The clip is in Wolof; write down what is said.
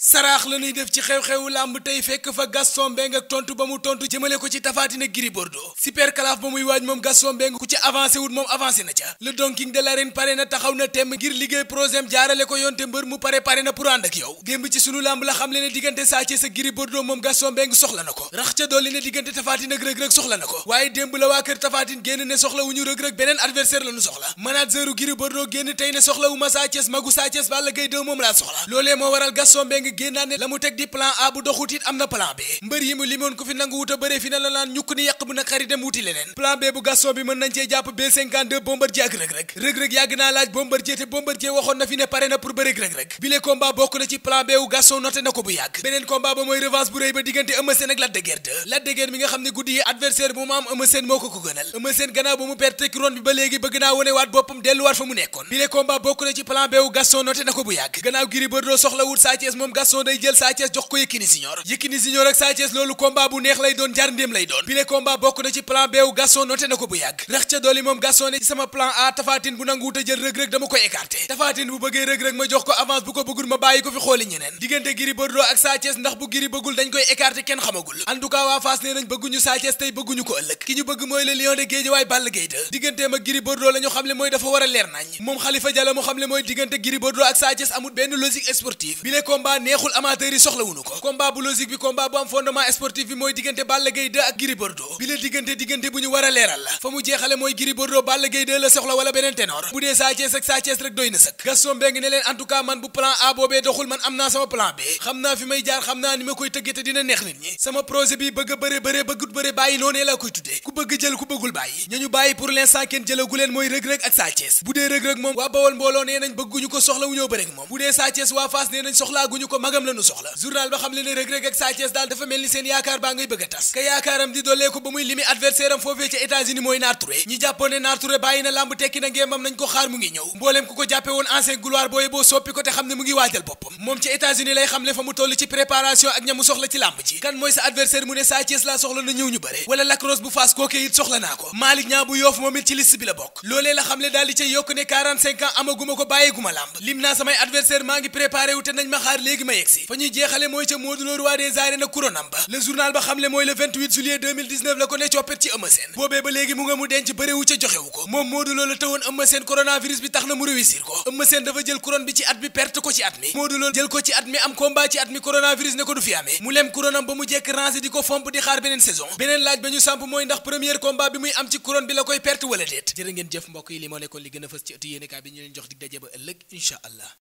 saraax la ñuy def ci xew-xewu làmb tey fekk fa Gaston Mbengue ak tontu ba mu tontu jëmale ko ci tafaatina Gris Bordeaux super kalaaf ba muy waaj moom Gaston Mbengue ku ci avancé wut moom avancé na ca le Don King de l'arène pare na taxaw na temm ngir liggéey projem jaarale ko yoonte mbër mu pare pare na pour ak yow démb ci sunu làmb la xam le diggante Sa Thiès ak Gris Bordeaux moom Gaston Mbengue soxla na ko rax ca dolli ne diggante tafaatin ak rëg-rëg soxla na ko waaye démb la ne soxla wu ñu ma Sa Thiès magu Sa Thiès Balla Gaye 2 Mbengue génnaane la mu teg di plan A bu doxut it am na plan B mbër yi mu limoon ku fi nangu wut a bëree fi na la naan ñukk ni yàq bu na xari dem wuti leneen plan B bu gaston bi mu am Eumeu moo ko ko gënal Eumeu gannaaw ba mu perte ron bi ba léegi bëgg naa wonewaat boppam delluwaat fa mu nekkoon bile combat bokk na ci plan B wu gaston noté na ko bu yàgg gannaaw Gris Bordeaux soxla wut Sa Thiès moom Gaston day jël Sa jox ko Yékini Senior Yékini Senior ak Sa loolu combat bu neex lay doon jar lay doon bi le bokk na ci plan B wu Gaston na ko bu yàgg rax ca dooli moom Gaston ne ci sama plan A tafaatin bu nanguwut a jël rëg-rëg dama koy écarté tafaatin bu bëggee rëg-rëg ma jox ko avance bu ko bëggul ma bàyyi ko fi xooli ñeneen diggante Gris Bordeaux ak Sa ndax bu Gris bëggul dañ koy écarté kenn xamagul en waa Fass neexul amateur yi soxla ko combat bu logique bi combat bu am fondement sportif bi mooy diggante Balla Gaye ak Gris bi la diggante diggante bu ñu war a leeral la fa mu jeexale mooy Gris Bordeaux Balla la soxla wala beneen ténor bu dee Sa ak Sa rek doy na sëkk Gaston Mbengue ne leen en tout cas man bu plan A boobee doxul man am naa sama plan B xam naa fi may jaar xam naa ni ma koy tëggee te dina neex nit ñi sama projet bi bëgg bëre bëre bëggut magam la soxla journal ba xam le ne rëg ak Sa Thiès daal dafa mel ni seen yaakaar baa ngay bëgg a tas ka yaakaaram di doolee ko ba muy limi adversaire am foofee ca ko xaar mu làmb lim naa samay adversaire maa ngi préparé te nañ ma xaar léegi ma yegsi fa ñuy jeexale mooy ca Modou Lo roi des arènes ak ba le journal ba xamle mooy le 28 la ko ne coppet ci Eumeu Sène boobee ba léegi mu nga mu denc bërewu ca joxewu ko moom Modou la tëwoon Eumeu Sène coronavirus bi tax na mu réussir ko Eumeu Sène dafa jël couronne bi ci at bi perte ko ci at mi Modou jël ko ci at mi am coronavirus ne ko du fi amee mu lem couronne ba mu jekk ranger di ko fomp di xaar beneen saison beneen laaj ba ñu samp a fës